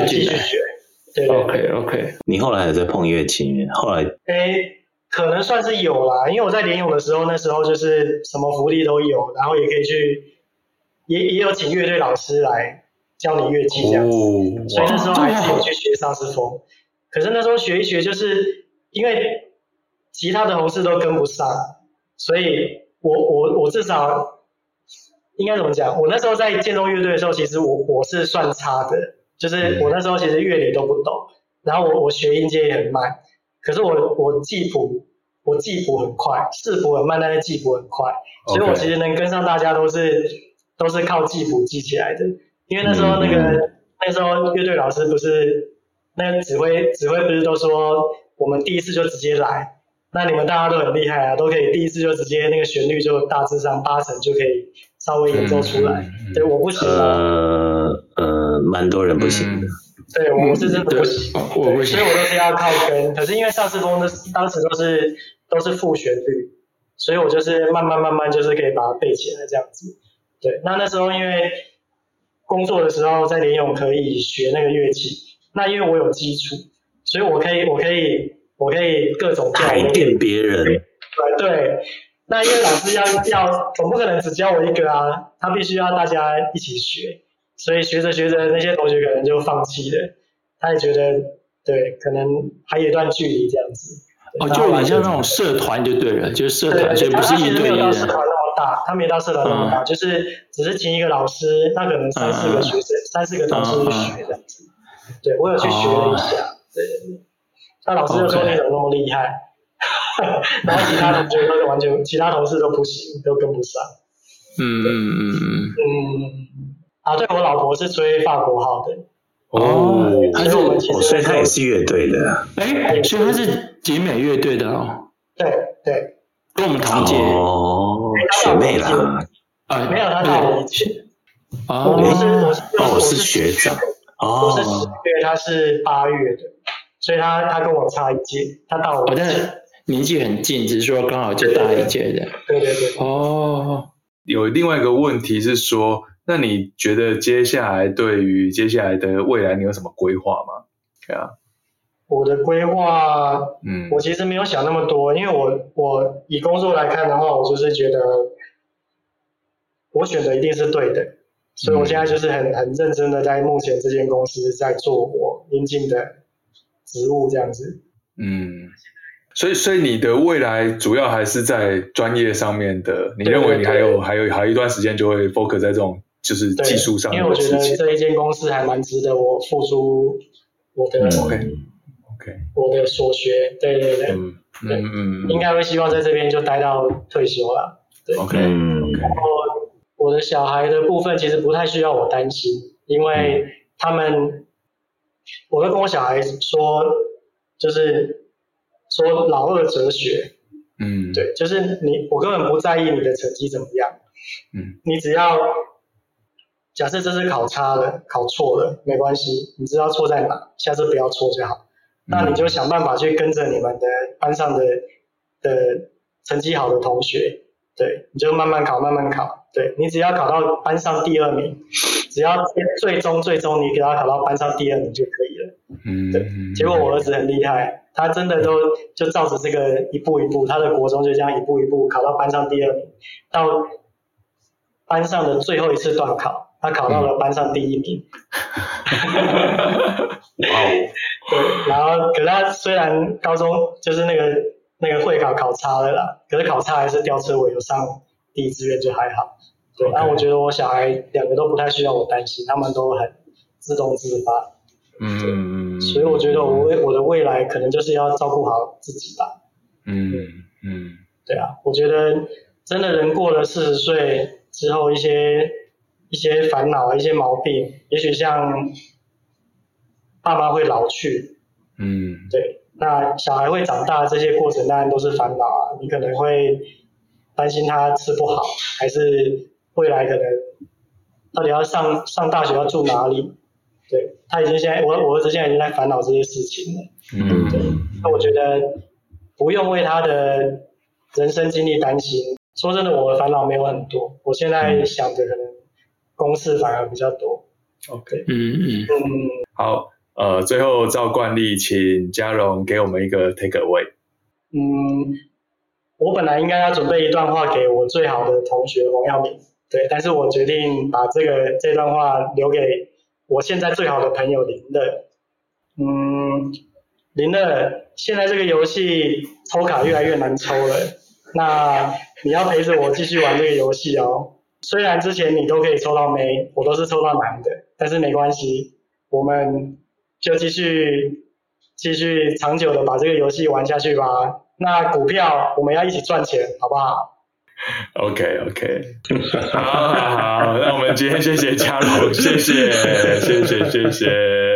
就進學。對，對 OK OK，你後來還在碰樂器？後來哎，可能算是有啦，因為我在連詠的時候，那時候就是什麼福利都有，然後也可以去，也也有請樂隊老師來。教你樂器這樣子，哦、所以那時候還是有去學薩斯風。哦、可是那時候學一學，就是因為其他的同事都跟不上，所以我我我至少應該怎麼講？我那時候在建中樂隊的時候，其實我我是算差的，就是我那時候其實樂理都不懂，嗯、然後我我學音階也很慢。可是我我記譜，我記譜很快，視譜很慢，但是記譜很快，Okay. 所以我其實能跟上大家都是都是靠記譜記起來的。因為那時候那個、嗯、那時候樂隊老師不是那個指揮指揮，不是都說我們第一次就直接來，那你們大家都很厲害啊，都可以第一次就直接那個旋律就大致上八成就可以稍微演奏出來。嗯、對，我不行。啊。呃呃，蠻多人不行的。嗯、對，我是真的不行。我不行，所以我都是要靠跟。可是因為上次公司當時都是都是副旋律，所以我就是慢慢慢慢就是可以把它背起來這樣子。對，那那時候因為。工作的時候在聯詠可以學那個樂器，那因為我有基礎，所以我可以，我可以，我可以各種教，帶別人對。對，那因為老師要要，總不可能只教我一個啊，他必須要大家一起學，所以學着學着那些同學可能就放棄了，他也覺得對，可能還有一段距離這樣子。哦，就有點像那種社團就對了，就是社團，所以不是一對一的。大，他沒到社團那麼大，就是只是請一個老師，那可能三四個學生，三四個同事學這樣子。對，我有去學了一下，那老師就說你怎麼那麼厲害？然後其他同學都是完全，其他同事都不行，都跟不上。嗯嗯嗯嗯啊，對，我老婆是吹法國號的。哦。是我哦，所以她也是樂隊的。哎，所以她是景美樂隊的哦？對對。跟我們同屆。學妹啦，啊，沒有，他大我一屆。哦、啊，我是，哦，我是學長。我是十月，哦，因為他是八月的，所以他他跟我差一屆，他大我一屆。哦、但是年紀很近，只是說剛好就大一屆的。對對對。對對對哦，有另外一個問題是說，那你覺得接下來對於接下來的未來，你有什麼規劃嗎？對啊。我的規劃，嗯，我其實沒有想那麼多，嗯、因為我我以工作來看的話，我就是覺得我選的一定是對的，嗯、所以我現在就是很很認真的在目前這間公司在做我應盡的職務這樣子。嗯，所以所以你的未來主要還是在專業上面的，你認為你還有還有對還有一段時間就會 focus 在這種就是技術上面的，因為我覺得這一間公司還蠻值得我付出我的。嗯 okay. Okay. 我的所學，對對對，對，嗯嗯嗯，對嗯應該會希望在這邊就待到退休了，對，o k 嗯，對 okay, 然後 okay. 我的小孩的部分其實不太需要我擔心，因為他們，嗯、我會跟我小孩說，就是說老二哲學，嗯，對，就是你，我根本不在意你的成績怎麼樣，嗯，你只要假設這次考差了，考錯了沒關係，你知道錯在哪，下次不要錯就好。那你就想辦法去跟着你們的班上的的成績好的同學，對，你就慢慢考，慢慢考，對，你只要考到班上第二名，只要最終最終你給他考到班上第二名就可以了。嗯，對。結果我兒子很厲害，嗯、他真的都就照着這個一步一步，嗯、他的國中就這樣一步一步考到班上第二名，到班上的最後一次段考，他考到了班上第一名。哈哈哈哈哈！哇哦。對，然後，可是他雖然高中就是那個那個會考考差了啦，可是考差還是吊車尾，有上第一志願就還好。對，Okay. 但我覺得我小孩兩個都不太需要我擔心，他們都很自動自發。嗯，對嗯，所以我覺得我未我的未來可能就是要照顧好自己吧。嗯。嗯嗯。對啊，我覺得真的人過了四十歲之後，一些一些煩惱啊、一些毛病，也許像。爸媽，媽會老去，嗯，對。那小孩會長大，這些過程當然都是煩惱啊。你可能會擔心他吃不好，還是未來可能到底要上上大學要住哪裡？對，他已經現在，我我兒子現在已經在煩惱這些事情了。嗯，對。那我覺得不用為他的人生經歷擔心。說真的，我的煩惱沒有很多。我現在想的可能公事反而比較多。OK，嗯嗯嗯，Okay 嗯好。呃，最後照慣例，請嘉榮給我們一個 take away。嗯，我本來應該要準備一段話給我最好的同學王耀明，對，但是我決定把這個這段話留給我現在最好的朋友林樂。嗯，林樂，嗯、現在這個遊戲抽卡越來越難抽了，嗯、那你要陪着我繼續玩這個遊戲哦。 <laughs> 雖然之前你都可以抽到妹，我都是抽到男的，但是沒關係，我們。就繼續繼續長久的把這個遊戲玩下去吧。那股票我們要一起賺錢，好不好？OK OK， <laughs> 好，好，好，好，好，那我們今天謝謝嘉龍，謝謝，謝謝，謝謝。